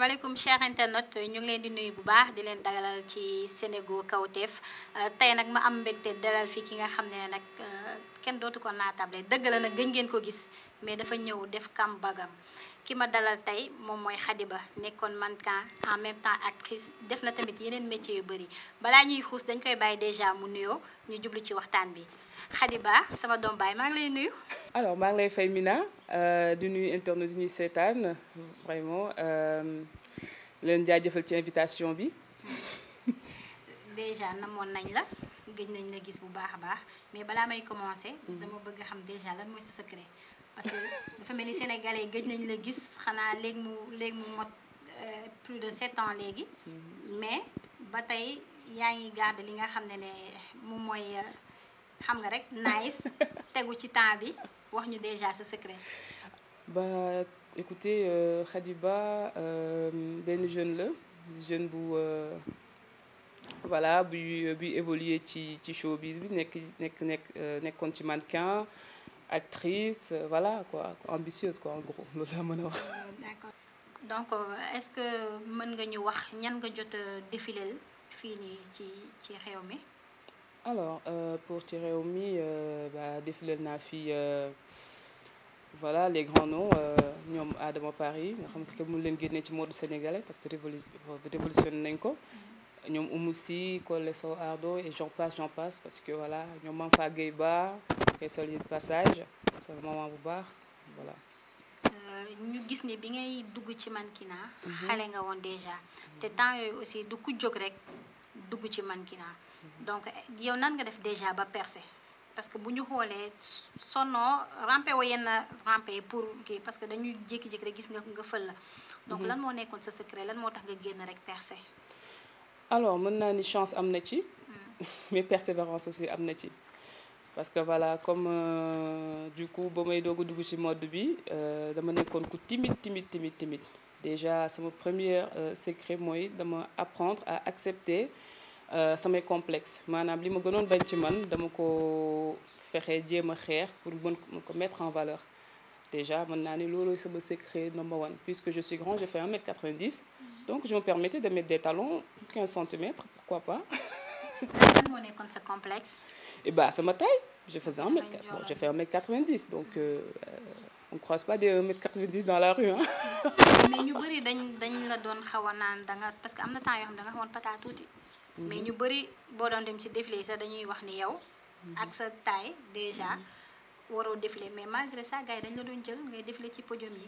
asalaamaaleykum chers internautes ñu ngi leen di nuyu bu baax di leen dagalal ci Senego Kawtef euh, tey nag ma am mbégte dalal fii ki nga xam ne nag euh, kenn dootu ko naatable dëgg la nag gëj ngeen ko gis mais dafa ñëw def kam bagam ki ma dalal tey moom mooy Khady Ba nekkoon mannequin en même temps actrice def na tamit yeneen métier yu bëri balaa ñuy xuus dañ koy bàyyi déjà mu nuyoo ñu jublu ci waxtaan bi Khady Ba sama doom baay maa ngi lay nuyu. alors maa ngi lay fay Mina euh, di nuyu internet di ñuy seetaan vraiment euh, leen jaajëfal ci invitation bi. déjà namoon nañ la gëj nañ la gis bu baax a baax mais balaa may commencer. Mm. dama bëgg xam déjà lan mooy sa secret. parce que dafa mel ni sénégalais gëj nañ la gis xanaa léegi mu léegi mu mot euh, plus de sept ans léegi. Mm. mais ba tey yaa ngi garde li nga xam ne ne moom mooy. xam nga rek nice tegu ci temps bi wax ñu déjà sa secret. bah écoutez euh, Khadiba euh, benn jeune la jeune bu euh, voilà buy buy évoluer ci ci showbiz bi nekk nekk nekk nekkoon ci mannequin actrice voilà quoi ambitieuse quoi en gros loolu laa mën a wax. donc est-ce que mën nga ñu wax ñan nga jot a fii nii ci ci réew mi. Alors, euh, pour ci réew mi euh, ba défilé naa fi euh, voilà les grands noms euh, ñoom Adama Paris nga xamante que mun leen génnee ci mode sénégalais parce que révolutionné nañ ko ñoom Oumou Sy Collé Sow Ardo et j'en passe j'en passe parce que voilà ñoom Mame Fagueye Ba koy soli de passage c'est moment bu baax voilà ñu gis ni bi ngay dugg ci mannequinat mhm. xale nga woon déjà te temps yooyu aussi du ku jóg rek dugg ci mannequinat donc yow nan nga def déjà ba percer parce que bu ñu xoolee sonoo rampe wa yenn rampe pour kii parce que dañuy jékki-jékki rek gis nga nga fël la donc mhm. lan moo nekkoon sa secret lan moo tax nga génn rek percer alors mën naa ni am na ci hmm. mais persévérance aussi am na ci parce que voilà comme euh, du coup ba may doog a dugg ci mode bi euh, dama nekkoon ku timide timide timide timide déjà sama premier euh, secret mooy dama apprendre à accepter Euh, samay complexe maanaam li ma gënoon bañ ci man dama ko fexe jéem a xeex pour mën ko mettre en valeur déjà man naa ne loolu sama secret number one puisque je suis grand je fais 1m90 donc je me permettais de mettre des talons 15 centimètres pourquoi pas. moo nekkoon sa complexe. et eh sama taille je faisais 1m bon je fais 1m90 donc euh, euh, on croise pas des 1m90 dans la rue hein. mais ñu bëri dañ la doon xaw a naan da parce que am na temps xam da nga xawoon tuuti. mais mhm. ñu bëri boo doon dem ci défilé yi sax dañuy wax ni yow. Mhm. ak sa taille déjà mhm. waroo défilé mais malgré ça gars yi dañ la doon jël ngay défilé ci podium yi.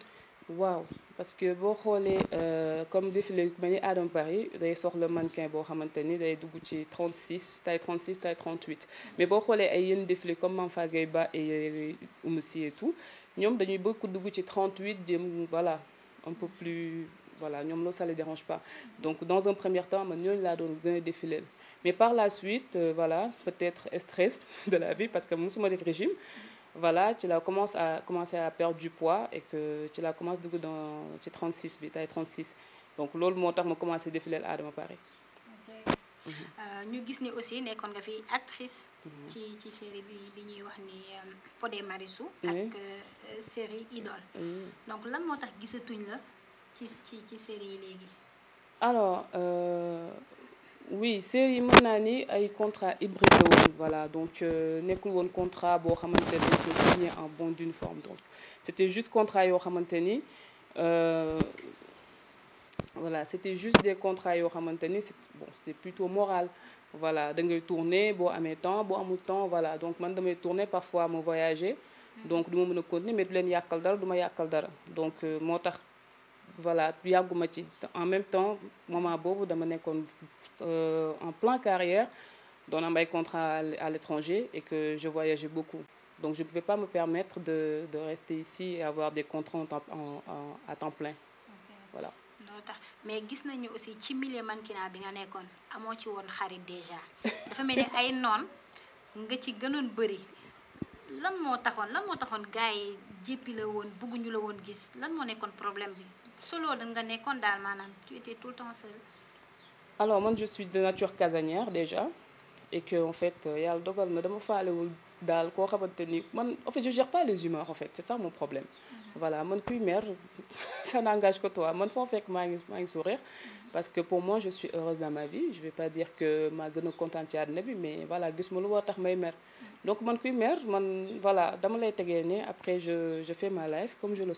waaw parce que boo xoolee euh, comme défilé ku mel ni Adam Paris day soxla mannequin boo xamante ni day dugg ci 36 taille 36 taille 38 mais boo xoolee ay yenn défilé comme Mame Fagay Ba et Oumou Sy tout ñoom dañuy bëgg dugg ci 38 jëm voilà un peu plus voilà ñoom loolu ça les dérange pas donc dans un premier temps man ñooñu laa doon gën a défileel mais par la suite euh, voilà peut-être stress de la vie parce que musuma def régime voilà ci la commence à commencer à perdre du poids et que ci la commence dugg dans ci 36 bi taille 36 donc loolu moo tax ma commencé défileel Adama Paris euh, ñu gis ni aussi nekkoon nga fi actrice. Mhm. ci ci bi bi ñuy wax ni euh, Pod et Marichou. ak Idole. donc lan moo tax gisatuñ la ci ci ci série yi léegi. alors euh, série yi mën naa ni ay contrat hybride la voilà donc euh, nekkul woon contrat boo xamante dañ ko signé en bon d'une forme donc c'était juste contrat yoo xamante ni. Euh, voilà c'était juste des contrat yoo xamante ni c'est bon c'était plutôt moral voilà da ngay tourner boo amee temps boo amul temps voilà donc man damay tourner parfois ma voyager mm. donc du ma mën a continuer mais leen yàqal dara du ma yàqal dara donc euh, moo tax voilà yàgguma ci en même temps moment boobu dama nekkoon euh, en plein carrière doon am ay contrat à l'étranger et que je voyageais beaucoup donc je ne pouvais pas me permettre de de rester ici et avoir des contrats à temps plein voilà. loolu tax mais gis nañu aussi ci milieu mannequinat bi nga nekkoon amoo ci woon xarit déjà dafa mel ni ay noon nga ci gënoon bëri lan moo taxoon lan moo taxoon gars yi jéppi la woon bëgguñu la woon gis lan moo nekkoon problème bi. solo da nga nekkoon daal maanaam tu étais tout le temps seule. alors man je suis de nature casanière déjà et que en fait euh, yàlla dogal na dama falewul daal koo xamante ni man en fait je gère pas les humeurs en fait c'est ça mon problème. Mhm. voilà man kuy mer ça n'engage que toi man foo fekk maa ngi maa ngi sourire parce que pour moi je suis heureuse dans ma vie je vais pas dire que maa gën a ci àddina bi mais voilà gis ma lu war tax may mer mhm. donc man kuy mer man voilà dama lay tegee ne après je je fais ma life comme je le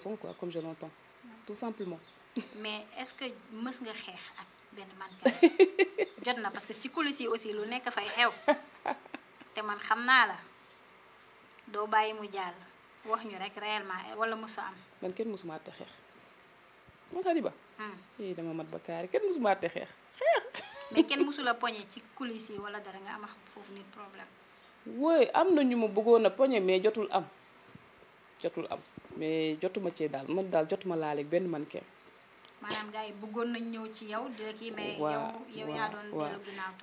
tout simplement. mais est ce que mës nga xeex ak benn mannequin jot na parce que ci coulisses yi aussi lu nekk fay xew te man xam naa la doo bàyyi mu jàll wax ñu rek réellement wala mosu am. man kenn mosuma te xeex ba kaari kenn mosuma te xeex xeex. mais kenn mosu la poñe ci coulisses yi wala dara nga am foofu nit problème. wooy am na ñu ma bëggoon a poñe mais jotul am. jotul am mais jotuma cee daal man daal jotuma laaleeg benn man kenn. maanaam gars yi bëggoon nañ ñëw ci yow. di la kii mais yow yow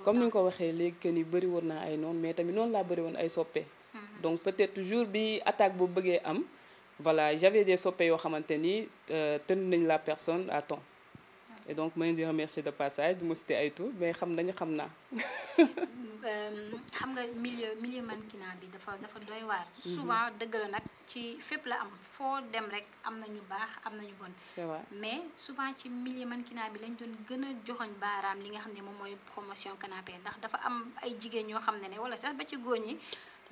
comme ni nga ko waxee léegi que ni bëri woon naa ay noonu mais tamit noonu laa bëri woon ay soppe. Mm-hmm. donc peut-être bi attaque boobu bëggee am voilà j'avais des soppe yoo xamante ni euh, te nañ la personne à temps. et donc ma leen di remercier de passage du ma citer ay tur mais xam nañu xam naa. Euh, xam nga milieu milieu mannequinat bi dafa dafa doy waar. Mhm. souvent dëgg la nag ci fépp la am foo dem rek am na ñu baax am na ñu bon. mais souvent ci milieu mannequinat bi lañ doon gën a joxoñ baaraam li nga xam ne moom mooy promotion canapé ndax dafa am ay jigéen ñoo xam ne ne wala sax ba ci góor ñi.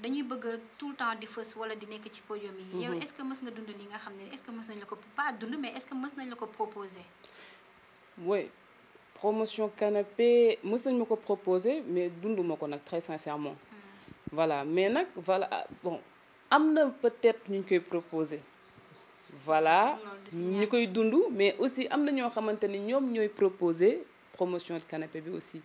dañuy bëgg tout le temps di fës wala di nekk ci podium yi. Mhm. yow est-ce mës nga dund li nga xam ne est-ce que ko pas dund mais est-ce que mës nañ ko proposer. oui promotion canapé mës nañ ma ko proposer mais dunduma ko nag très sincèrement. Hmm. voilà mais nag voilà ah, bon am na peut-être ñu koy proposer. voilà ñu koy dund mais aussi am na ñoo xamante ni ñoom ñooy proposer promotion canapé bi aussi.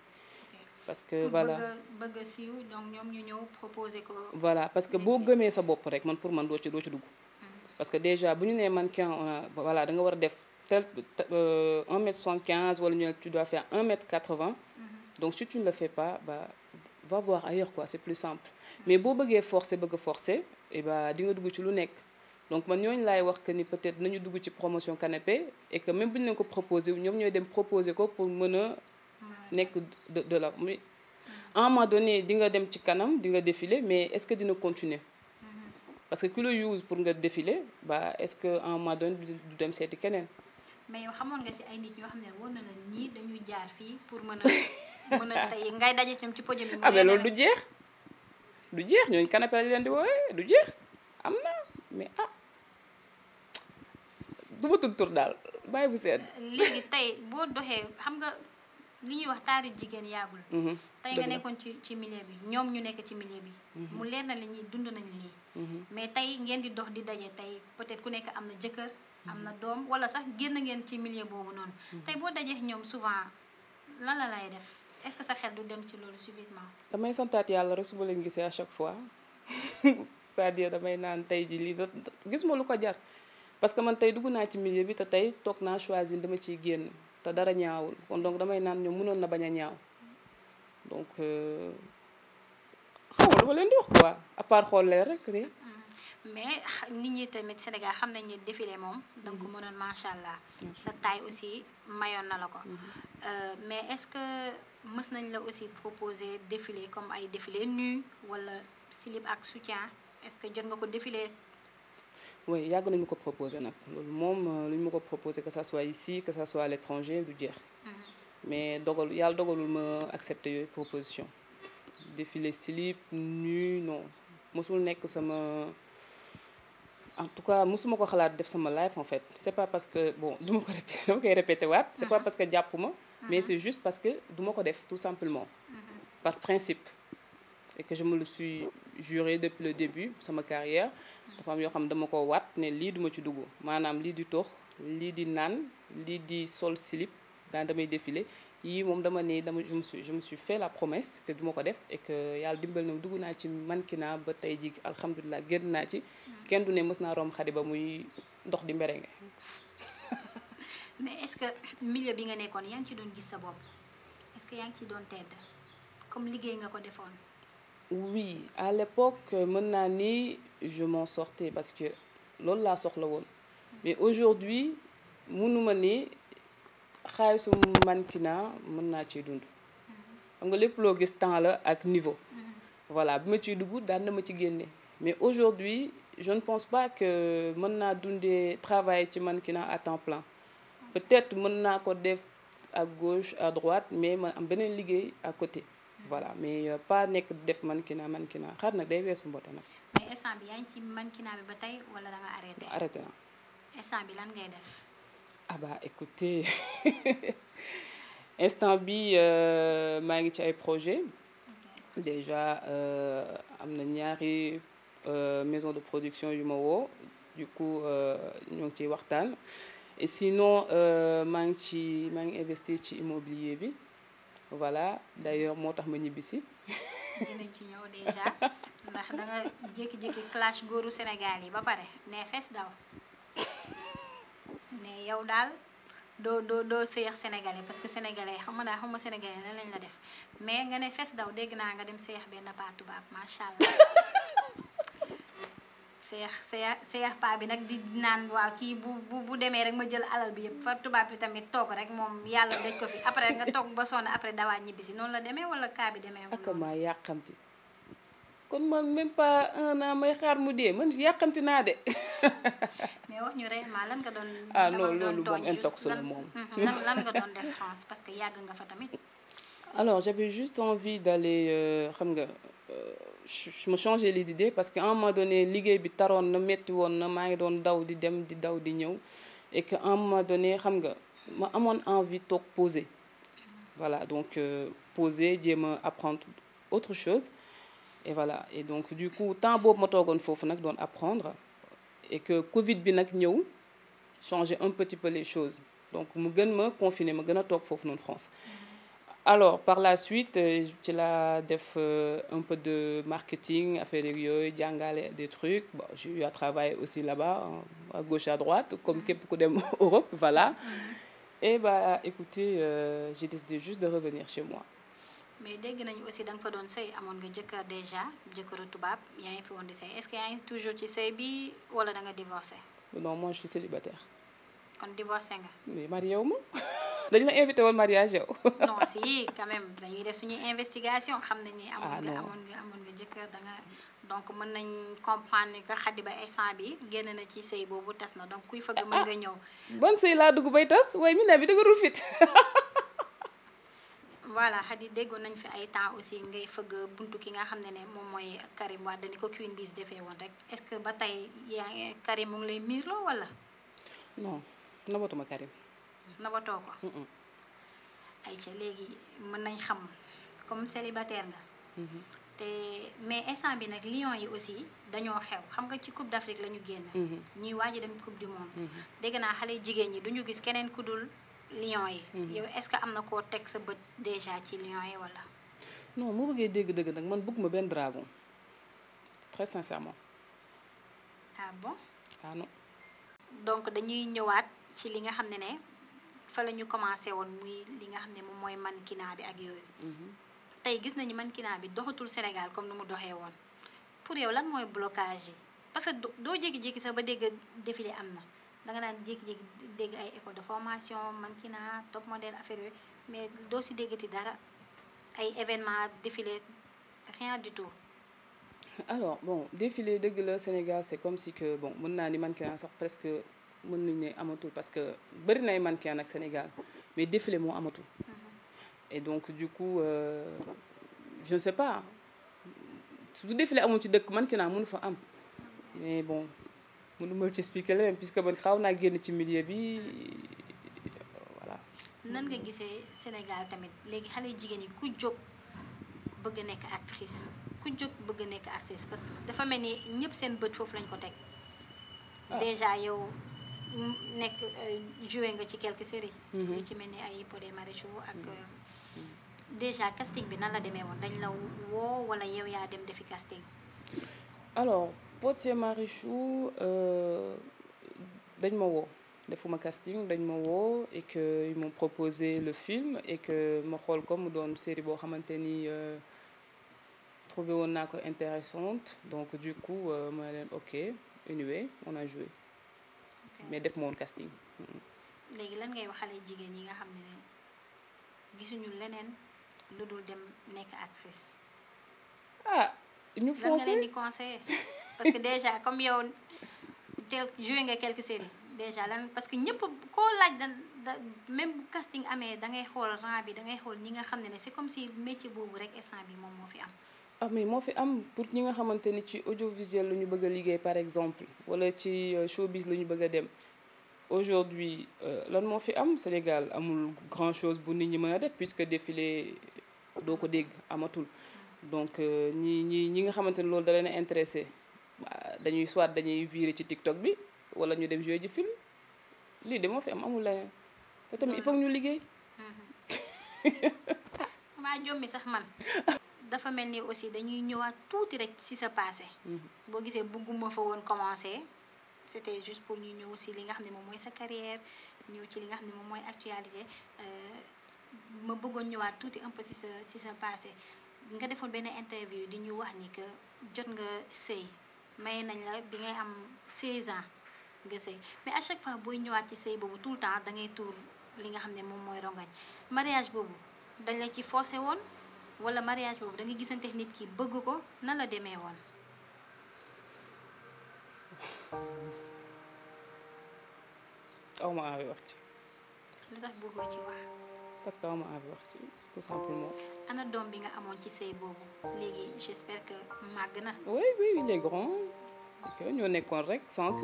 parce que voilà bëgg a siiw ñoom ñu ñëw proposer ko. voilà parce que boo gëmee sa bopp rek man pour man doo ci doo ci dugg. Hmm. parce que déjà bu ñu nee mannequin on a voilà da nga war a def. tel euh, 1m75 wala ñu tu dois faire 1m80 mm-hmm. donc si tu ne le fais pas bah va voir ailleurs quoi c'est plus simple mais boo bëggee force bëgg a et eh bah di nga dugg ci lu nekk donc man ñooñu laay wax que ni peut-être nañu dugg ci promotion canapé et que même bu ñu leen ko proposer ñoom ñooy dem proposer ko pour mën a nekk de de la mais en un moment donné di nga dem ci kanam di nga défiler mais est-ce que dina continuer mm-hmm. parce que ku la use pour nga défiler bah est-ce que à un moment donné du dem seeti keneen mais yow xamoon nga ci ay nit ñoo xam ne woon na la ñii dañuy jaar fii pour mën a mën a tey ngay daje ñoom ci podium bi. amee ah, loolu jeex du jeex ñooñu canapé di woowee du jeex am na mais ah du ma tudd daal bàyyi bu sedd. léegi tey boo doxee xam nga li ñuy wax taari jigéen yaagul. Mhm, tey nga nekkoon ci ci milieu bi ñoom ñu nekk ci milieu bi. Mhm. mu leer na la dund nañ lii. Mhm. mais tey ngeen di dox di daje tey peut-être ku nekk am na jëkkër. am na doom wala sax génn ngeen ci milieu boobu noonu. Mm-hmm. tey boo dajee ñoom souvent la la lay def est-ce sa xel du dem ci loolu subitement. damay santaat yàlla rek su ma leen fois cest damay naan tey ji lii da gisuma lu ko jar parce que man tey dugg naa ci millier bi te tey toog naa choisir dama ciy génn te dara ñaawul kon donc damay naan ñoom mënoon na bañ a ñaaw donc euh, xaw ma leen di wax quoi à xool leen rek mm-hmm. mais nit ñi tamit Sénégal xam nañ ne défilé moom da ko mhm. mënoon macha allah sa taille aussi mayoon na la ko mhm. euh, mais est-ce que mës nañ la aussi proposer défilé comme ay défilé nu wala slip ak soutien est-ce que jot nga ko défilé oui yàgg nañu ko proposer nag loolu moom euh, lu ñu ma ko proposer que ça soit ici que ça soit l'étranger du jeex mhm. mais dogalu yàlla dogalul ma accepter yooyu proposition défilé slip nu mosul nekk sama en tout cas mosuma ko xalaat def sama live en fait c' pas parce que bon du ma ko répété dama koy répété waat. c' est pas mm-hmm. parce que jàppuma. Mm-hmm. mais c' est juste parce que du ma ko def tout simplement. Mm-hmm. par principe. et que je me le suis juré depuis le début sama carrière dafa am yoo xam ne dama ko waat ne lii duma ci dugg maanaam lii di tox lii di naan lii di sol slip daan damay défilé yii moom dama ne dama je me suis je me fait la promesse que duma ko def et que yàlla dimbal na dugg naa ci naa ba tey jii alhamdulilah génn naa ci hmm. kenn du ne mës naa romb xadi ba muy ndox di mberenge mais est-ce que milieu bi nga nekkoon yaa ngi ci doon gis sa bopp est yaa ngi ci doon tedd comme liggéey nga ko defoon oui à l'époque mën naa ni je m'en sortais parce que loolu laa soxla woon hmm. mais aujourd'hui mënuma ni xaalisu naa mën naa ciy dund xam nga lépp loo gis temps la ak niveau voilà bi ma ciy duggu daan na ma ci génne mais aujourd'hui je ne pense pas que mën naa dundee travail ci mannequinat à temps plein peut-être mën naa ko def à gauche à droite mais ma am beneen liggéey à côté voilà mais euh, pas nekk def mannequinat mannequinat xar nag day weesu mboote nag. mais instant bi yaa ngi ci mannequinat bi ba arrêté. arrêté lan ngay def. ah bah écoutez instant bi euh, maa ngi ci ay projet déjà euh, am na ñaari euh, maison de production yu ma woo du coup ñoo ngi ciy waxtaan et sinon maa ngi ci maa ngi investir ci immobilier bi voilà d'ailleurs moo tax ma ñibbisi dinañ ci ñëw déjà ndax da góoru Sénégal yi ba pare ne fes daw ne yow daal doo doo doo sëy ak sénégalais parce que sénégalais xam nga daal xam nga sénégalais lan lañ la def mais nga ne fes daw dégg naa nga dem seex ak benn paa tubaab macha allah. seex seex seex paa bi nag di naan waaw kii bu bu bu demee rek ma jël alal bi yëpp fa tubaab bi tamit toog rek moom yàlla daj ko fi après nga toog ba sonn après dawaat ñibbisi noonu la demee wala kaa bi demee. ak maa yàqamti. kon man même pas may xaar mu dee man yàqanti naa de. mais wax ñu réellement lan nga doon. ah non loolu moom moom. lan nga doon parce que yàgg nga fa tamit. alors j'avais juste envie d'aller euh, xam nga euh, je me changer les idées parce que à un moment donné liggéey bi taroon na metti woon na maa ngi doon daw di dem di daw di ñëw et que à un moment donné xam nga ma amoon envie toog poser. voilà donc euh, pose jéem a apprendre autre chose. et voilà et donc du coup temps boobu ma toogoon foofu nag doon apprendre et que Covid bi nag ñëw changer un petit peu les choses donc mu gën ma confiner ma gën a toog foofu noon France. alors par la suite euh, ci la def euh, un peu de marketing affaire yooyu jàngale des trucs bon j'ai eu à travailler aussi là ba à gauche à droite comme képp ku dem Europe voilà mm-hmm. et bah écoutez euh, j'ai décidé juste de revenir chez moi. mais dégg nañu aussi da fa doon sëy amoon nga jëkkër déjà jëkkëru tubaab yaa ngi fi woon di sëy est-ce yaa ngi toujours ci sëy bi wala da nga divorcé. non moi je suis célibataire. kon divorcé nga. mais marié wu ma dañu la invité woon mariage yow. non si quand même dañuy def suñuy investigation xam ne ni. amoon ah, nga amoon nga amoon nga jëkkër da donc mën nañ comprendre ni que Khady ba instant bi génn na ci sëy boobu tas na donc kuy fëgg ma nga ñëw. Ah, ah. ban sëy laa dugg voilà Khady déggoon nañ fi ay temps aussi ngay fëgg bunt ki nga xam ne ne moom mooy Karim Wade ni ko Queen Biz defee woon rek est-ce que ba tey yaa ngi Karim mu ngi lay miirloo wala. non nabatuma Karim. nabatoo ko. ay ca léegi mën nañ xam comme célibataire nga. Mm-hmm. te mais instant bi nag Lions yi aussi dañoo xew xam nga ci Coupe d'Afrique la ñu génn. Mm-hmm. ñuy waaj a dem Coupe du Monde. Mm-hmm. dégg naa xale jigéen ñi duñu gis keneen ku dul. lion yi. Hmm. yow est-ce que am na koo teg sa bët déjà ci lion yi wala. non moo bëggee dégg-dëgg nag man bëgguma benn dragon très sincèrement. ah bon. Ah donc dañuy ñëwaat ci li nga xam ne ne fa la ñu commencé woon muy li nga xam ne moom mooy man mannequinat bi ak yooyu. Mm-hmm. tey gis nañu man mannequinat bi doxatul Sénégal comme nu mu doxee woon pour yow lan mooy blocage yi parce que doo jékki-jékki sax ba dégg défilé am na danga naan jékki-jékki. dégg ay école de formation mannequinat top modèle affaire yooyu mais doo si déggati dara ay événement défilé rien du tout. alors bon défilé dëgg la Sénégal c'est comme si que bon mën naa ni mannequinat sax presque mën nañu ne amatul parce que bëri na ay nag Sénégal mais défilé moo amatul. Mhm. et donc du coup euh, je ne sais pas su défilé amul ci dëkk mannequinat mënu fa am mais bon. mënu ma ci expliquer la même puisque man xaw naa génn ci milieu bi voilà. nan nga gisee Sénégal tamit léegi xale jigéen yi ku jóg bëgg nekk actrice ku jóg bëgg nekk actrice parce que dafa mel ni ñëpp seen bët foofu lañ ko teg. Ah. déjà yow nekk euh, joué nga ci quelques séries. Mhm. ci mel ni ay Pod et Marichou ak. Mhm. Euh, déjà casting bi nan la demee woon dañ la woo wala yow yaa dem defi casting. alors. Potier Marichou euh, dañ ma woo defuma casting dañ ma woo et que ils m'ont proposé le film e que ma xool ko mu doon série boo xamante ni euh, trouvé woon naa ko intéressante donc du coup euh, ma leen ok anyway on a joué mais def ma woon casting. Mm. léegi lan ngay waxale jigéen yi nga xam ne gisuñu leneen lu dul dem nekk actrice. ah ñu foncé lan nga leen di conseillé. parce que déjà comme yow tel joué nga quelques séries déjà lan parce que ñëpp koo laaj da da même bu casting amee da ngay xool rang bi dangay xool ñi nga xam ne ne c'est comme si métier boobu rek instant bi moom moo fi am. ah mais moo fi am pour ñi nga xamante ni ci audiovisuel la ñu bëgg a liggéey par exemple wala ci euh, showbiz la ñu bëgg a dem aujourd'hui euh, lan moo fi am Sénégal amul grand chose bu nit ñi mën a def puisque défilé doo ko dégg amatul donc euh, ñi ñi ñi nga xamante ni loolu da leen a intéressé. dañuy soit dañuy virer ci TikTok bi wala ñu dem jouer ji film lii de moo fi am amul leneen te tamit il faut ñu liggéey. maa jommi sax man. dafa mel ni aussi dañuy ñëwaat tuuti rek ci sa passé. Mhm. boo gisee bëgguma fa woon commencer c'était juste pour ñu ñëw ci li nga xam ne moom mooy sa carrière ñëw ci li nga xam ne moom mooy actualité euh, ma bëggoon ñëwaat tuuti un peu ci sa ci sa passé nga defoon benn interview di ñu wax ni que jot nga sëy. may nañ la bi ngay am 16 ans nga sëy mais à chaque fois booy ñëwaat ci sëy boobu tout le temps da ngay tuur li nga xam ne moom mooy rongañ mariage boobu dañ la ci forcé woon wala mariage boobu dangay gisante nit ki bëgg ko nan la demee woon. aw ma wax ci. lu tax bëggoo ci wax. parce que awma envie wax ci tout simplement. Oh. ana doom bi nga amoon ci sëy boobu léegi j'espère que màgg na. oui oui il est ñoo nekkoon rek sànq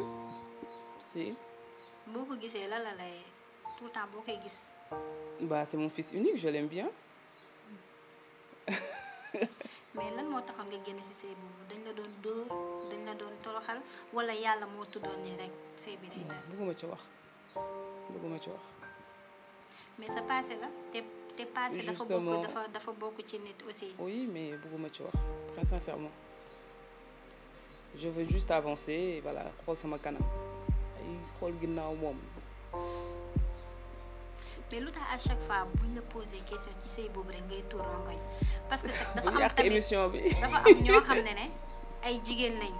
si. boo ko gisee la tout le temps boo koy gis. bah c'est mon fils unique je l'aime bien. mais lan moo taxoon nga génn ci sëy boobu dañ la doon dóor dañ la doon toroxal walla yàlla moo tuddoon ni rek sëy bi day tas. bëgguma ci wax bëgguma ci wax. mais sa passé la te te passé dafa bokk dafa bokk ci nit aussi. oui mais bëgguma ci wax très sincèrement je avancer voilà xool sama kanam ay xool ginnaaw moom. mais lu tax à chaque fois buñ la posé question ci sëy boobu rek ngay tuur rongoñ parce que dafa am tamit bi dafa am ñoo xam ne ne ay jigéen lañ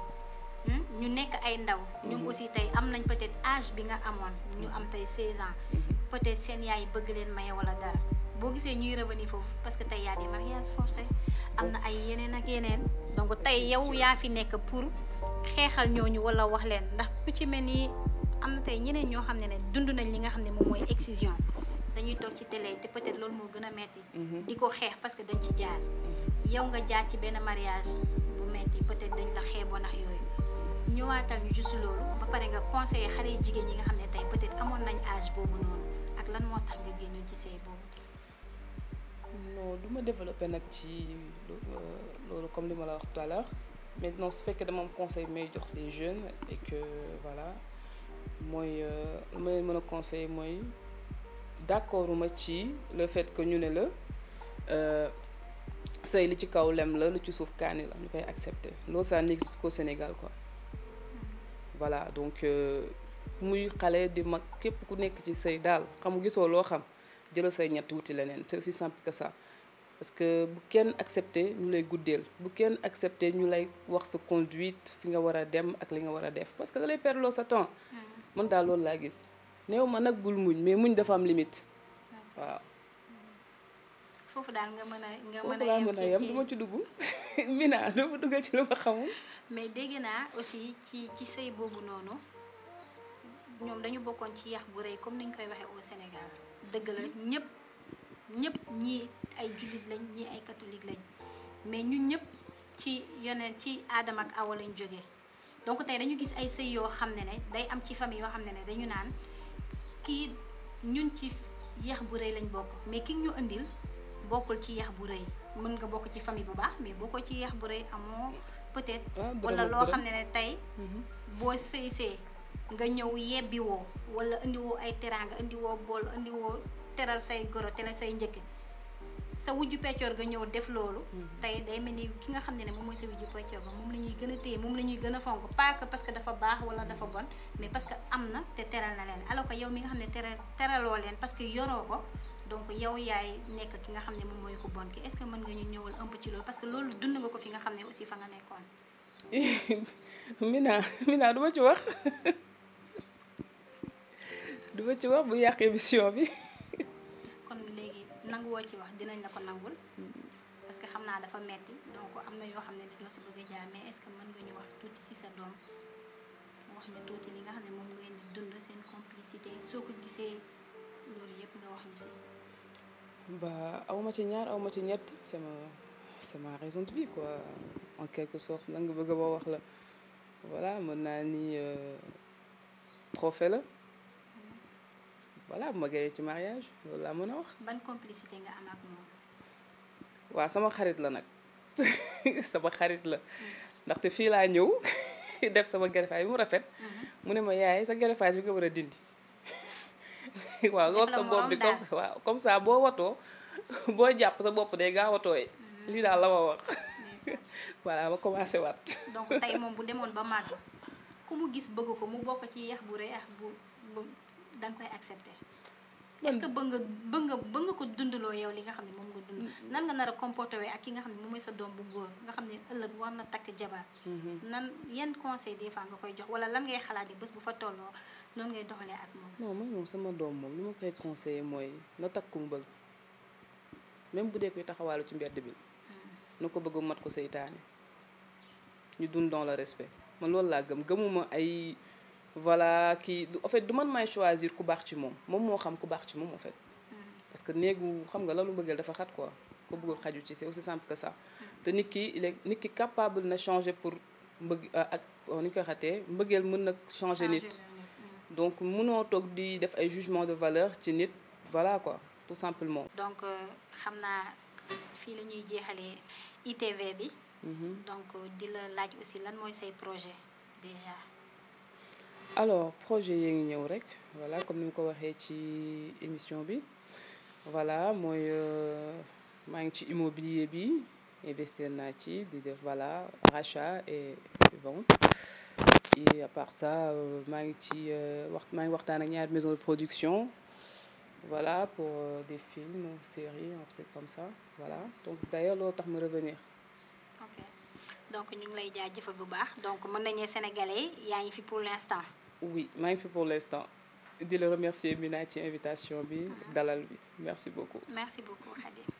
hmm? ñu nekk ay ndaw ñu mhm. aussi tey am nañ peut age bi nga amoon ñu am tey 16 ans peut-être seen yaay bëgg leen maye wala dara boo gisee ñuy revenir foofu parce que tey yaa des mariages forcés am na ay yeneen ak yeneen donc tey yow yaa fi nekk pour xeexal ñooñu wala wax leen ndax ku ci mel nii am na tey ñeneen ñoo xam ne ne dund nañ li nga xam ne moom mooy excision dañuy toog ci tele te peut loolu moo gën a metti mhm. di ko xeex parce que dañ ci jaar mhm. yow nga jaar ci benn mariage bu metti peut dañ la xeeboon ak yooyu ñëwaatal juste loolu ba pare nga conseiller xale yu jigéen ñi nga xam ne tey peut-être amoon nañ âge boobu lan moo tax nga génn ci sëy boobu. non du ma développé nag ci euh, loolu comme li ma la wax tout à l'heure su fekkee dama conseil may jox les jeunes et que voilà mooy euh, lu ma leen mën a conseil mooy d'accord ma ci le fait que ñu ne la. Euh, sëy li ci kaw lem la lu ci suuf kaani la ñu koy accepter loolu ça n'existe qu'au Sénégal quoi mm-hmm. voilà donc muy xale di mag képp ku nekk ci sëy daal xam gisoo loo xam jëlal say ñett wuti leneen si aussi simple parce que kenn accepté ñu lay guddeel bu kenn accepté ñu lay wax sa conduite fi nga war a dem ak li nga war a def parce que da lay sa temps hmm. man daal loolu laa gis néew ma nag bul muñ mais muñ dafa am limite hmm. waaw foofu daal nga mën a nga mën a yem du ma ci dugg mina dama duggal ci lu ma mais dégg naa aussi ci ci sëy boobu noonu ñoom dañu bokkoon ci yax bu rëy comme niñ koy waxee o Sénégal dëgg la mm-hmm. ñëpp ñëpp ñii ay jullit lañ ñii ay catholique lañ mais ñun ñëpp ci yoneen ci aadama ak awa lañ jógee donc tey dañu gis ay sëy yoo xam ne ne day am ci famille yoo xam ne ne dañu naan kii ñun ci yax bu rëy lañ bokk mais ki ñu indil bokkul ci yax bu rëy mën nga bokk ci famille bu baax mais boo ko ci yax bu rëy amoo peut-être ah, wala loo xam ne ne tey mm-hmm. boo sëy see nga ñëw yebbiwoo wala indiwoo ay teraanga indiwoo bool indiwoo teral say goro teral say njëkk sa wujju peccoor nga ñëw def loolu mm-hmm. tey day mel ni ki nga xam ne ne moom mooy sa wujju peccoor ba moom la ñuy gën a téye moom la a fonk pas na leen alors que yow mi nga xam ne teral teraloo leen parce ko donc yow yaay ki nga xam ne moom mooy ko bon ki est mën nga ñu ñëwal ci loolu parce que loolu dund nga ko fi nga xam ne aussi fa nga nekkoon. Mina Mina du ma ci wax. du ma ci wax bu yàq émission bi. kon léegi nanguwoo ci wax dinañ la ko nangul parce que xam naa dafa metti donc am na yoo xam ne dañoo si bëgg a jaar mais est mën nga ñu wax tuuti ci sa doom wax ñu tuuti li nga xam ne moom ngeen dund seen complicité soo ko gisee loolu yëpp nga wax ñu si. ba awma ci ñaar awma ci ñett sama sama raison de vie quoi en quelque sorte nanga bëgg a wax la voilà mën naa ni euh, trophée la. voilà bu ma géeyee ci mariage laa mën a wax. ban waaw sama xarit la nag sama xarit la ndaxte fii laa ñëw def sama greffage bi mu rafet. Mhm. mu ne ma yaay sa greffage bi nga war a dindi. waaw nga sa bopp bi boo jàpp sa bopp day gaa watooy mhm. lii daal la ma wax voilà ma commencé waat. donc tey moom bu demoon ba màgg ku mu gis bëgg ko mu bokk ci yax bu rëy ak bu da nga koy accepter. est-ce que bëgg bëgg nga bëgg ko dundaloo yow li nga xam ne moom nga dund. nan nga nar a comporté wee ak ki nga xam ne moom mooy sa doom bu góor nga xam ne ëllëg war na takk jabar. Mm-hmm. nan yan conseil des fois nga koy jox wala lan ngay xalaat yi bés bu fa tolloo noonu ngay doxalee ak moom. man moom sama doom moom lu ma koy conseillé mooy na takk mu bëgg même bu dee koy taxawaalu ci mbedd bi. Mm. na ko bëgg mat ko seytaane ñu dund dans le voilà kii en fait du man may choisir ku baax ci moom moom moo xam ku baax ci moom en fait. parce que néegu xam nga loolu mbëggeel dafa xat quoi ko bëggul xaju ci c'est aussi simple que sax te nit ki il est nit ki capable na changer pour bëgg euh, ak euh, ni ñu koy mbëggeel mën nag changer nit. Hmm. donc munoo toog di def ay jugement de valeur ci nit voilà quoi tout simplement. donc euh, xam naa fii la ñuy jeexalee ITV bi. Mhm. donc di la laaj aussi lan mooy say projet déjà. alors projet yi ngi ñëw rek voilà comme ni nga ko waxee ci émission bi voilà mooy euh, maa ngi ci immobilier bi investir naa ci di def voilà rachat e vente et à part euh, maa ngi ci euh, wax maa ngi waxtaan ak ñaar maison de production voilà pour des films séries un comme ça voilà donc d'ailleurs loolu tax ma revenir ok donc ñu ngi lay jaajëfal bu baax donc mën nañu sénégalais yaa ngi fi pour l'instant oui maa ngi fi pour l'instant di la remercier Mina ci invitation bi dalal bi merci beaucoup merci beaucoup Khady